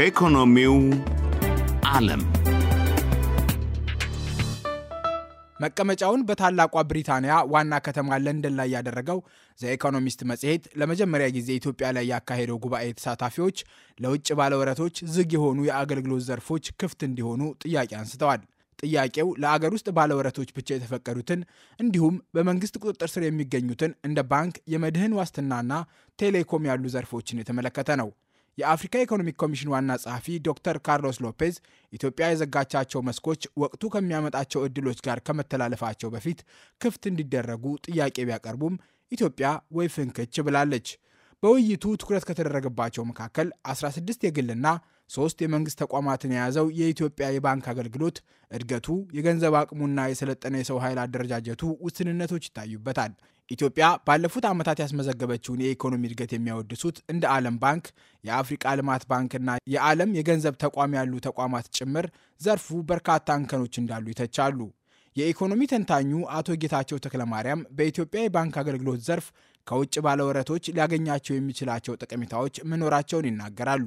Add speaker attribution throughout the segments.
Speaker 1: ከኢኮኖሚው ዓለም መቀመጫውን በታላቋ ብሪታንያ ዋና ከተማ ለንደን ላይ ያደረገው ዘኢኮኖሚስት መጽሔት ለመጀመሪያ ጊዜ ኢትዮጵያ ላይ ያካሄደው ጉባኤ ተሳታፊዎች ለውጭ ባለወረቶች ዝግ የሆኑ የአገልግሎት ዘርፎች ክፍት እንዲሆኑ ጥያቄ አንስተዋል። ጥያቄው ለአገር ውስጥ ባለወረቶች ብቻ የተፈቀዱትን እንዲሁም በመንግስት ቁጥጥር ስር የሚገኙትን እንደ ባንክ፣ የመድህን ዋስትናና ቴሌኮም ያሉ ዘርፎችን የተመለከተ ነው። የአፍሪካ ኢኮኖሚክ ኮሚሽን ዋና ጸሐፊ ዶክተር ካርሎስ ሎፔዝ ኢትዮጵያ የዘጋቻቸው መስኮች ወቅቱ ከሚያመጣቸው እድሎች ጋር ከመተላለፋቸው በፊት ክፍት እንዲደረጉ ጥያቄ ቢያቀርቡም ኢትዮጵያ ወይ ፍንክች ብላለች። በውይይቱ ትኩረት ከተደረገባቸው መካከል 16 የግልና ሶስት የመንግስት ተቋማትን የያዘው የኢትዮጵያ የባንክ አገልግሎት እድገቱ፣ የገንዘብ አቅሙና የሰለጠነ የሰው ኃይል አደረጃጀቱ ውስንነቶች ይታዩበታል። ኢትዮጵያ ባለፉት ዓመታት ያስመዘገበችውን የኢኮኖሚ እድገት የሚያወድሱት እንደ ዓለም ባንክ፣ የአፍሪቃ ልማት ባንክና የዓለም የገንዘብ ተቋም ያሉ ተቋማት ጭምር ዘርፉ በርካታ እንከኖች እንዳሉ ይተቻሉ። የኢኮኖሚ ተንታኙ አቶ ጌታቸው ተክለማርያም በኢትዮጵያ የባንክ አገልግሎት ዘርፍ ከውጭ ባለወረቶች ሊያገኛቸው የሚችላቸው ጠቀሜታዎች መኖራቸውን ይናገራሉ።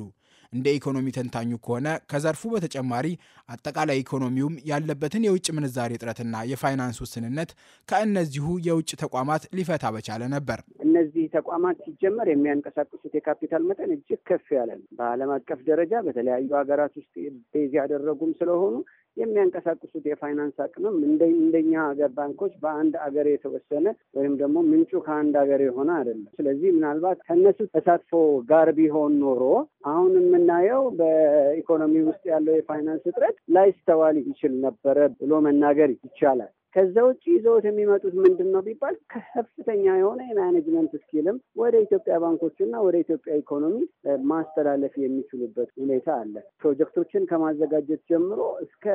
Speaker 1: እንደ ኢኮኖሚ ተንታኙ ከሆነ ከዘርፉ በተጨማሪ አጠቃላይ ኢኮኖሚውም ያለበትን የውጭ ምንዛሬ እጥረትና የፋይናንስ ውስንነት ከእነዚሁ የውጭ ተቋማት ሊፈታ በቻለ ነበር።
Speaker 2: እነዚህ ተቋማት ሲጀመር የሚያንቀሳቅሱት የካፒታል መጠን እጅግ ከፍ ያለ ነው። በዓለም አቀፍ ደረጃ በተለያዩ ሀገራት ውስጥ ቤዝ ያደረጉም ስለሆኑ የሚያንቀሳቅሱት የፋይናንስ አቅምም እንደኛ ሀገር ባንኮች በአንድ አገር የተወሰነ ወይም ደግሞ ምንጩ ከአንድ ሀገር የሆነ አይደለም። ስለዚህ ምናልባት ከነሱ ተሳትፎ ጋር ቢሆን ኖሮ አሁን የምናየው በኢኮኖሚ ውስጥ ያለው የፋይናንስ እጥረት ላይስተዋል ይችል ነበረ ብሎ መናገር ይቻላል። ከዛ ውጭ ይዘውት የሚመጡት ምንድን ነው ቢባል ከፍተኛ የሆነ የማኔጅመንት ስኪልም ወደ ኢትዮጵያ ባንኮችና ወደ ኢትዮጵያ ኢኮኖሚ ማስተላለፍ የሚችሉበት ሁኔታ አለ። ፕሮጀክቶችን ከማዘጋጀት ጀምሮ እስከ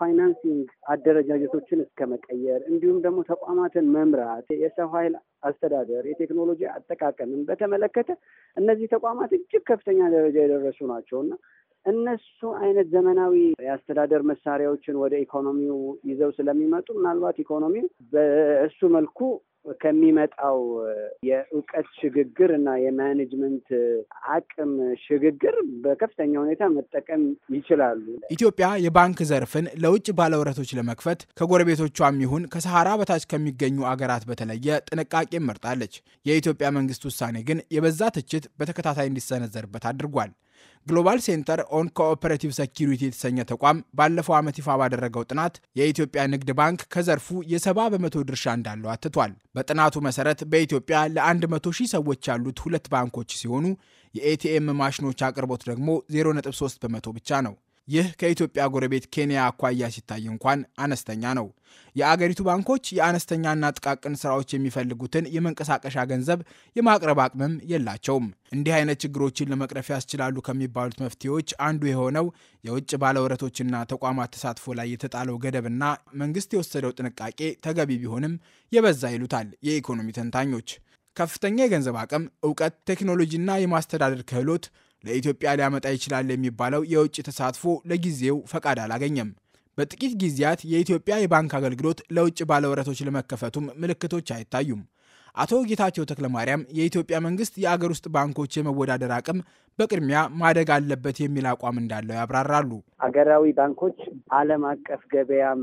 Speaker 2: ፋይናንሲንግ አደረጃጀቶችን እስከ መቀየር እንዲሁም ደግሞ ተቋማትን መምራት፣ የሰው ኃይል አስተዳደር፣ የቴክኖሎጂ አጠቃቀምን በተመለከተ እነዚህ ተቋማት እጅግ ከፍተኛ ደረጃ የደረሱ ናቸው እና እነሱ አይነት ዘመናዊ የአስተዳደር መሳሪያዎችን ወደ ኢኮኖሚው ይዘው ስለሚመጡ ምናልባት ኢኮኖሚው በእሱ መልኩ ከሚመጣው የእውቀት ሽግግር እና የማኔጅመንት አቅም ሽግግር በከፍተኛ ሁኔታ መጠቀም ይችላሉ።
Speaker 1: ኢትዮጵያ የባንክ ዘርፍን ለውጭ ባለውረቶች ለመክፈት ከጎረቤቶቿም ይሁን ከሰሃራ በታች ከሚገኙ አገራት በተለየ ጥንቃቄ መርጣለች። የኢትዮጵያ መንግስት ውሳኔ ግን የበዛ ትችት በተከታታይ እንዲሰነዘርበት አድርጓል። ግሎባል ሴንተር ኦን ኮኦፐሬቲቭ ሰኪሪቲ የተሰኘ ተቋም ባለፈው ዓመት ይፋ ባደረገው ጥናት የኢትዮጵያ ንግድ ባንክ ከዘርፉ የሰባ በመቶ ድርሻ እንዳለው አትቷል። በጥናቱ መሰረት በኢትዮጵያ ለ100 ሺህ ሰዎች ያሉት ሁለት ባንኮች ሲሆኑ የኤቲኤም ማሽኖች አቅርቦት ደግሞ 0.3 በመቶ ብቻ ነው። ይህ ከኢትዮጵያ ጎረቤት ኬንያ አኳያ ሲታይ እንኳን አነስተኛ ነው። የአገሪቱ ባንኮች የአነስተኛና ጥቃቅን ስራዎች የሚፈልጉትን የመንቀሳቀሻ ገንዘብ የማቅረብ አቅምም የላቸውም። እንዲህ አይነት ችግሮችን ለመቅረፍ ያስችላሉ ከሚባሉት መፍትሄዎች አንዱ የሆነው የውጭ ባለውረቶችና ተቋማት ተሳትፎ ላይ የተጣለው ገደብና መንግስት የወሰደው ጥንቃቄ ተገቢ ቢሆንም የበዛ ይሉታል የኢኮኖሚ ተንታኞች። ከፍተኛ የገንዘብ አቅም፣ እውቀት፣ ቴክኖሎጂና የማስተዳደር ክህሎት ለኢትዮጵያ ሊያመጣ ይችላል የሚባለው የውጭ ተሳትፎ ለጊዜው ፈቃድ አላገኘም። በጥቂት ጊዜያት የኢትዮጵያ የባንክ አገልግሎት ለውጭ ባለውረቶች ለመከፈቱም ምልክቶች አይታዩም። አቶ ጌታቸው ተክለማርያም የኢትዮጵያ መንግስት የአገር ውስጥ ባንኮች የመወዳደር አቅም በቅድሚያ ማደግ አለበት የሚል አቋም እንዳለው ያብራራሉ።
Speaker 2: አገራዊ ባንኮች ዓለም አቀፍ ገበያም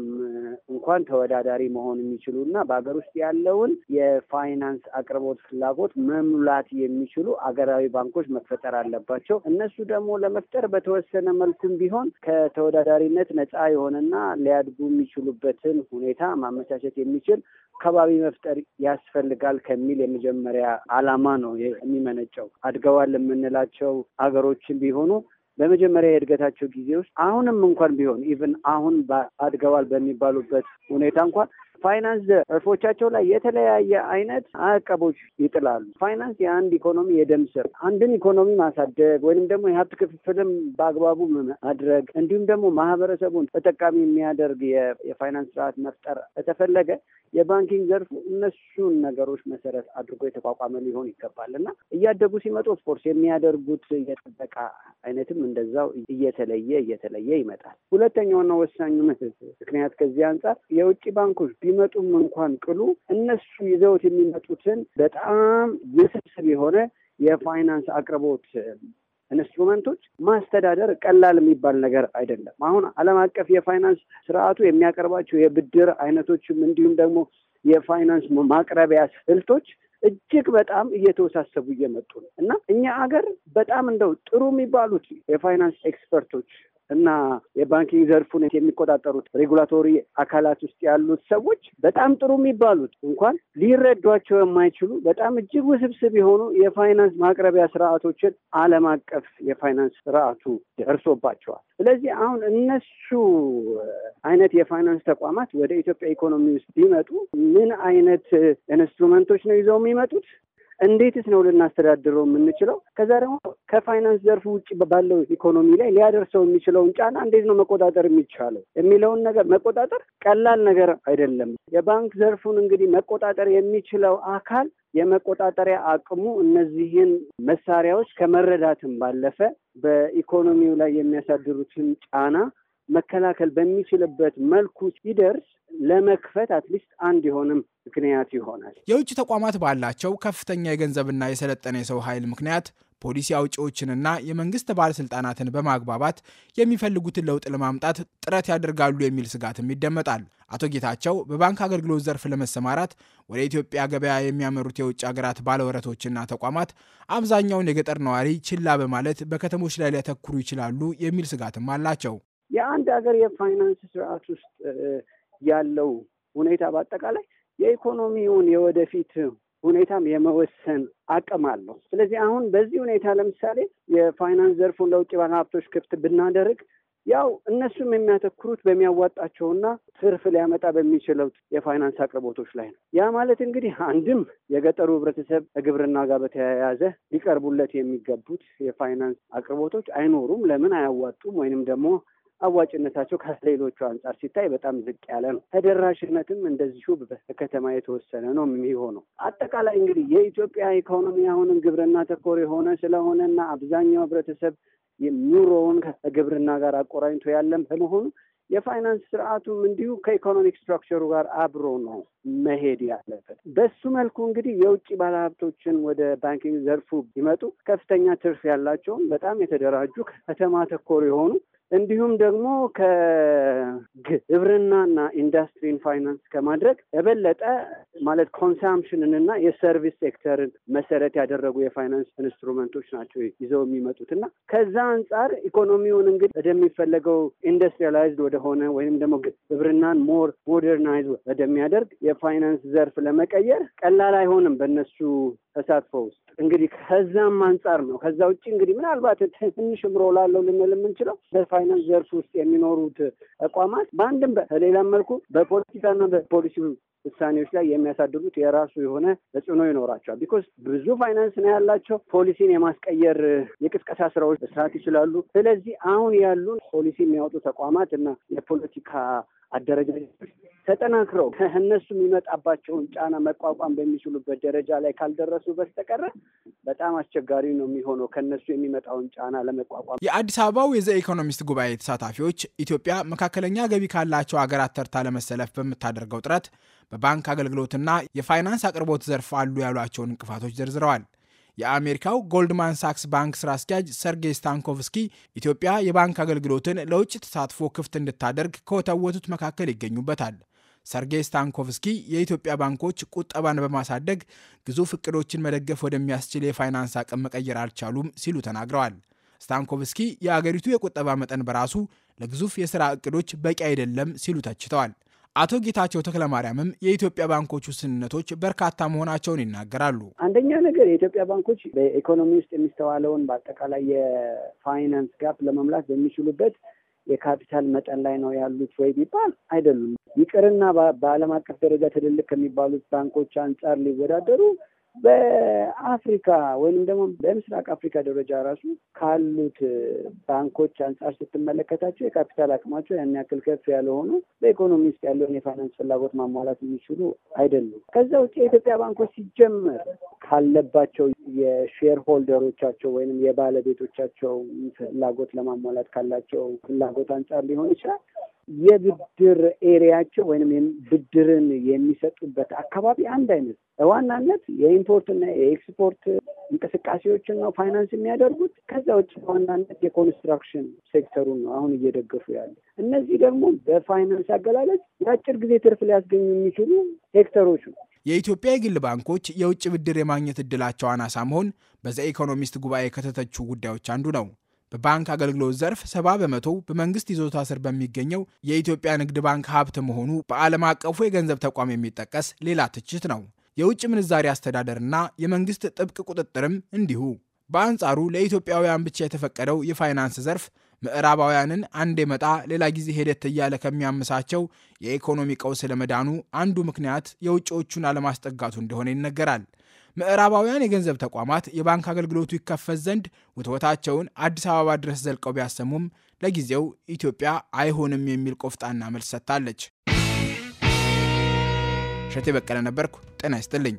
Speaker 2: እንኳን ተወዳዳሪ መሆን የሚችሉ እና በሀገር ውስጥ ያለውን የፋይናንስ አቅርቦት ፍላጎት መሙላት የሚችሉ አገራዊ ባንኮች መፈጠር አለባቸው። እነሱ ደግሞ ለመፍጠር በተወሰነ መልኩም ቢሆን ከተወዳዳሪነት ነፃ የሆነና ሊያድጉ የሚችሉበትን ሁኔታ ማመቻቸት የሚችል ከባቢ መፍጠር ያስፈልጋል ከሚል የመጀመሪያ ዓላማ ነው የሚመነጨው። አድገዋል የምንላቸው አገሮችን ቢሆኑ በመጀመሪያ የእድገታቸው ጊዜ ውስጥ አሁንም እንኳን ቢሆን ኢቨን አሁን አድገዋል በሚባሉበት ሁኔታ እንኳን ፋይናንስ ዘርፎቻቸው ላይ የተለያየ አይነት አቀቦች ይጥላሉ። ፋይናንስ የአንድ ኢኮኖሚ የደም ስር፣ አንድን ኢኮኖሚ ማሳደግ ወይንም ደግሞ የሀብት ክፍፍልም በአግባቡ ማድረግ እንዲሁም ደግሞ ማህበረሰቡን ተጠቃሚ የሚያደርግ የፋይናንስ ስርዓት መፍጠር ከተፈለገ የባንኪንግ ዘርፉ እነሱን ነገሮች መሰረት አድርጎ የተቋቋመ ሊሆን ይገባል እና እያደጉ ሲመጡ ኦፍኮርስ የሚያደርጉት የጥበቃ አይነትም እንደዛው እየተለየ እየተለየ ይመጣል። ሁለተኛውና ወሳኙ ምክንያት ከዚህ አንጻር የውጭ ባንኮች ቢመጡም እንኳን ቅሉ እነሱ ይዘውት የሚመጡትን በጣም ውስብስብ የሆነ የፋይናንስ አቅርቦት ኢንስትሩመንቶች ማስተዳደር ቀላል የሚባል ነገር አይደለም። አሁን ዓለም አቀፍ የፋይናንስ ስርዓቱ የሚያቀርባቸው የብድር አይነቶችም እንዲሁም ደግሞ የፋይናንስ ማቅረቢያ ስልቶች እጅግ በጣም እየተወሳሰቡ እየመጡ ነው እና እኛ አገር በጣም እንደው ጥሩ የሚባሉት የፋይናንስ ኤክስፐርቶች እና የባንኪንግ ዘርፉን የሚቆጣጠሩት ሬጉላቶሪ አካላት ውስጥ ያሉት ሰዎች በጣም ጥሩ የሚባሉት እንኳን ሊረዷቸው የማይችሉ በጣም እጅግ ውስብስብ የሆኑ የፋይናንስ ማቅረቢያ ስርዓቶችን ዓለም አቀፍ የፋይናንስ ስርዓቱ ደርሶባቸዋል። ስለዚህ አሁን እነሱ አይነት የፋይናንስ ተቋማት ወደ ኢትዮጵያ ኢኮኖሚ ውስጥ ቢመጡ ምን አይነት ኢንስትሩመንቶች ነው ይዘው የሚመጡት? እንዴትስ ነው ልናስተዳድረው የምንችለው? ከዛ ደግሞ ከፋይናንስ ዘርፍ ውጭ ባለው ኢኮኖሚ ላይ ሊያደርሰው የሚችለውን ጫና እንዴት ነው መቆጣጠር የሚቻለው የሚለውን ነገር መቆጣጠር ቀላል ነገር አይደለም። የባንክ ዘርፉን እንግዲህ መቆጣጠር የሚችለው አካል የመቆጣጠሪያ አቅሙ እነዚህን መሳሪያዎች ከመረዳትም ባለፈ በኢኮኖሚው ላይ የሚያሳድሩትን ጫና መከላከል በሚችልበት መልኩ ሲደርስ ለመክፈት አትሊስት አንድ የሆንም ምክንያት ይሆናል።
Speaker 1: የውጭ ተቋማት ባላቸው ከፍተኛ የገንዘብና የሰለጠነ የሰው ኃይል ምክንያት ፖሊሲ አውጪዎችንና የመንግስት ባለስልጣናትን በማግባባት የሚፈልጉትን ለውጥ ለማምጣት ጥረት ያደርጋሉ የሚል ስጋትም ይደመጣል። አቶ ጌታቸው በባንክ አገልግሎት ዘርፍ ለመሰማራት ወደ ኢትዮጵያ ገበያ የሚያመሩት የውጭ ሀገራት ባለወረቶችና ተቋማት አብዛኛውን የገጠር ነዋሪ ችላ በማለት በከተሞች ላይ ሊያተኩሩ ይችላሉ የሚል ስጋትም አላቸው።
Speaker 2: የአንድ ሀገር የፋይናንስ ስርዓት ውስጥ ያለው ሁኔታ በአጠቃላይ የኢኮኖሚውን የወደፊት ሁኔታም የመወሰን አቅም አለው። ስለዚህ አሁን በዚህ ሁኔታ ለምሳሌ የፋይናንስ ዘርፉን ለውጭ ባለሀብቶች ክፍት ብናደርግ ያው እነሱም የሚያተኩሩት በሚያዋጣቸውና ትርፍ ሊያመጣ በሚችለው የፋይናንስ አቅርቦቶች ላይ ነው። ያ ማለት እንግዲህ አንድም የገጠሩ ህብረተሰብ ከግብርና ጋር በተያያዘ ሊቀርቡለት የሚገቡት የፋይናንስ አቅርቦቶች አይኖሩም። ለምን አያዋጡም? ወይንም ደግሞ አዋጭነታቸው ከሌሎቹ አንጻር ሲታይ በጣም ዝቅ ያለ ነው። ተደራሽነትም እንደዚሁ በከተማ የተወሰነ ነው የሚሆነው። አጠቃላይ እንግዲህ የኢትዮጵያ ኢኮኖሚ አሁንም ግብርና ተኮር የሆነ ስለሆነና አብዛኛው ህብረተሰብ ኑሮውን ከግብርና ጋር አቆራኝቶ ያለም በመሆኑ የፋይናንስ ስርዓቱም እንዲሁ ከኢኮኖሚክ ስትራክቸሩ ጋር አብሮ ነው መሄድ ያለበት። በሱ መልኩ እንግዲህ የውጭ ባለሀብቶችን ወደ ባንኪንግ ዘርፉ ቢመጡ ከፍተኛ ትርፍ ያላቸውን በጣም የተደራጁ ከተማ ተኮር የሆኑ እንዲሁም ደግሞ ከግብርናና ኢንዱስትሪን ፋይናንስ ከማድረግ የበለጠ ማለት ኮንሳምፕሽንን እና የሰርቪስ ሴክተርን መሰረት ያደረጉ የፋይናንስ ኢንስትሩመንቶች ናቸው ይዘው የሚመጡት እና ከዛ አንጻር ኢኮኖሚውን እንግዲህ ወደሚፈለገው ኢንዱስትሪላይዝድ ወደሆነ ወይም ደግሞ ግብርናን ሞር ሞደርናይዝ ወደሚያደርግ የፋይናንስ ዘርፍ ለመቀየር ቀላል አይሆንም በእነሱ ተሳትፎ ውስጥ እንግዲህ ከዛም አንጻር ነው። ከዛ ውጭ እንግዲህ ምናልባት ትንሽ ምሮ ላለው ልንል የምንችለው በፋይናንስ ዘርፍ ውስጥ የሚኖሩት ተቋማት በአንድም በሌላም መልኩ በፖለቲካና በፖሊሲ ውሳኔዎች ላይ የሚያሳድሩት የራሱ የሆነ ተጽዕኖ ይኖራቸዋል። ቢኮዝ ብዙ ፋይናንስ ነው ያላቸው። ፖሊሲን የማስቀየር የቅስቀሳ ስራዎች መስራት ይችላሉ። ስለዚህ አሁን ያሉ ፖሊሲ የሚያወጡ ተቋማት እና የፖለቲካ አደረጃጀቶች ተጠናክረው ከእነሱ የሚመጣባቸውን ጫና መቋቋም በሚችሉበት ደረጃ ላይ ካልደረሱ በስተቀረ በጣም አስቸጋሪ ነው የሚሆነው ከእነሱ የሚመጣውን ጫና ለመቋቋም።
Speaker 1: የአዲስ አበባው የዘ ኢኮኖሚስት ጉባኤ ተሳታፊዎች ኢትዮጵያ መካከለኛ ገቢ ካላቸው ሀገራት ተርታ ለመሰለፍ በምታደርገው ጥረት በባንክ አገልግሎትና የፋይናንስ አቅርቦት ዘርፍ አሉ ያሏቸውን እንቅፋቶች ዘርዝረዋል። የአሜሪካው ጎልድማን ሳክስ ባንክ ስራ አስኪያጅ ሰርጌይ ስታንኮቭስኪ ኢትዮጵያ የባንክ አገልግሎትን ለውጭ ተሳትፎ ክፍት እንድታደርግ ከወተወቱት መካከል ይገኙበታል። ሰርጌይ ስታንኮቭስኪ የኢትዮጵያ ባንኮች ቁጠባን በማሳደግ ግዙፍ እቅዶችን መደገፍ ወደሚያስችል የፋይናንስ አቅም መቀየር አልቻሉም ሲሉ ተናግረዋል። ስታንኮቭስኪ የአገሪቱ የቁጠባ መጠን በራሱ ለግዙፍ የሥራ እቅዶች በቂ አይደለም ሲሉ ተችተዋል። አቶ ጌታቸው ማርያምም የኢትዮጵያ ባንኮች ውስንነቶች በርካታ መሆናቸውን ይናገራሉ።
Speaker 2: አንደኛ ነገር የኢትዮጵያ ባንኮች በኢኮኖሚ ውስጥ የሚስተዋለውን በአጠቃላይ የፋይናንስ ጋፕ ለመምላት በሚችሉበት የካፒታል መጠን ላይ ነው ያሉት ወይ ቢባል አይደሉም። ይቅርና በዓለም አቀፍ ደረጃ ትልልቅ ከሚባሉት ባንኮች አንጻር ሊወዳደሩ
Speaker 1: በአፍሪካ
Speaker 2: ወይም ደግሞ በምስራቅ አፍሪካ ደረጃ ራሱ ካሉት ባንኮች አንጻር ስትመለከታቸው የካፒታል አቅማቸው ያን ያክል ከፍ ያልሆኑ በኢኮኖሚ ውስጥ ያለውን የፋይናንስ ፍላጎት ማሟላት የሚችሉ አይደሉም። ከዛ ውጭ የኢትዮጵያ ባንኮች ሲጀመር ካለባቸው የሼር ሆልደሮቻቸው ወይም የባለቤቶቻቸው ፍላጎት ለማሟላት ካላቸው ፍላጎት አንጻር ሊሆን ይችላል የብድር ኤሪያቸው ወይም ብድርን የሚሰጡበት አካባቢ አንድ አይነት በዋናነት የኢምፖርትና የኤክስፖርት እንቅስቃሴዎችን ነው ፋይናንስ የሚያደርጉት። ከዛ ውጭ በዋናነት የኮንስትራክሽን ሴክተሩን ነው አሁን እየደገፉ ያለ። እነዚህ ደግሞ በፋይናንስ አገላለጽ የአጭር ጊዜ ትርፍ ሊያስገኙ የሚችሉ
Speaker 1: ሴክተሮች ነው። የኢትዮጵያ የግል ባንኮች የውጭ ብድር የማግኘት እድላቸው አናሳ መሆን በዘ ኢኮኖሚስት ጉባኤ ከተተቹ ጉዳዮች አንዱ ነው። በባንክ አገልግሎት ዘርፍ ሰባ በመቶ በመንግስት ይዞታ ስር በሚገኘው የኢትዮጵያ ንግድ ባንክ ሀብት መሆኑ በዓለም አቀፉ የገንዘብ ተቋም የሚጠቀስ ሌላ ትችት ነው። የውጭ ምንዛሪ አስተዳደርና የመንግስት ጥብቅ ቁጥጥርም እንዲሁ። በአንጻሩ ለኢትዮጵያውያን ብቻ የተፈቀደው የፋይናንስ ዘርፍ ምዕራባውያንን አንድ የመጣ ሌላ ጊዜ ሄደት እያለ ከሚያምሳቸው የኢኮኖሚ ቀውስ ለመዳኑ አንዱ ምክንያት የውጭዎቹን አለማስጠጋቱ እንደሆነ ይነገራል። ምዕራባውያን የገንዘብ ተቋማት የባንክ አገልግሎቱ ይከፈት ዘንድ ውትወታቸውን አዲስ አበባ ድረስ ዘልቀው ቢያሰሙም ለጊዜው ኢትዮጵያ አይሆንም የሚል ቆፍጣና መልስ ሰጥታለች። እሸቴ በቀለ ነበርኩ። ጤና ይስጥልኝ።